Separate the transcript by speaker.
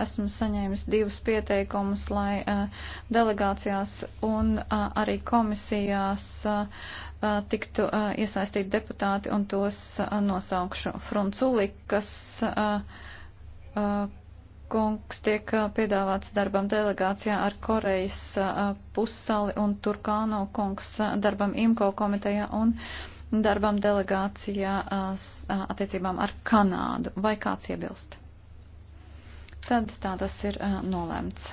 Speaker 1: Esmu saņēmis divus pieteikumus, lai uh, delegācijās un uh, arī komisijās uh, tiktu uh, iesaistīti deputāti un tos uh, nosaukšu. Frunculikas uh, uh, kungs tiek uh, piedāvāts darbam delegācijā ar Korejas uh, pussali un Turkāno kungs uh, darbam IMKO komitejā un darbam delegācijā uh, attiecībām ar Kanādu. Vai kāds iebilst? tad
Speaker 2: tā tas ir nolēmts.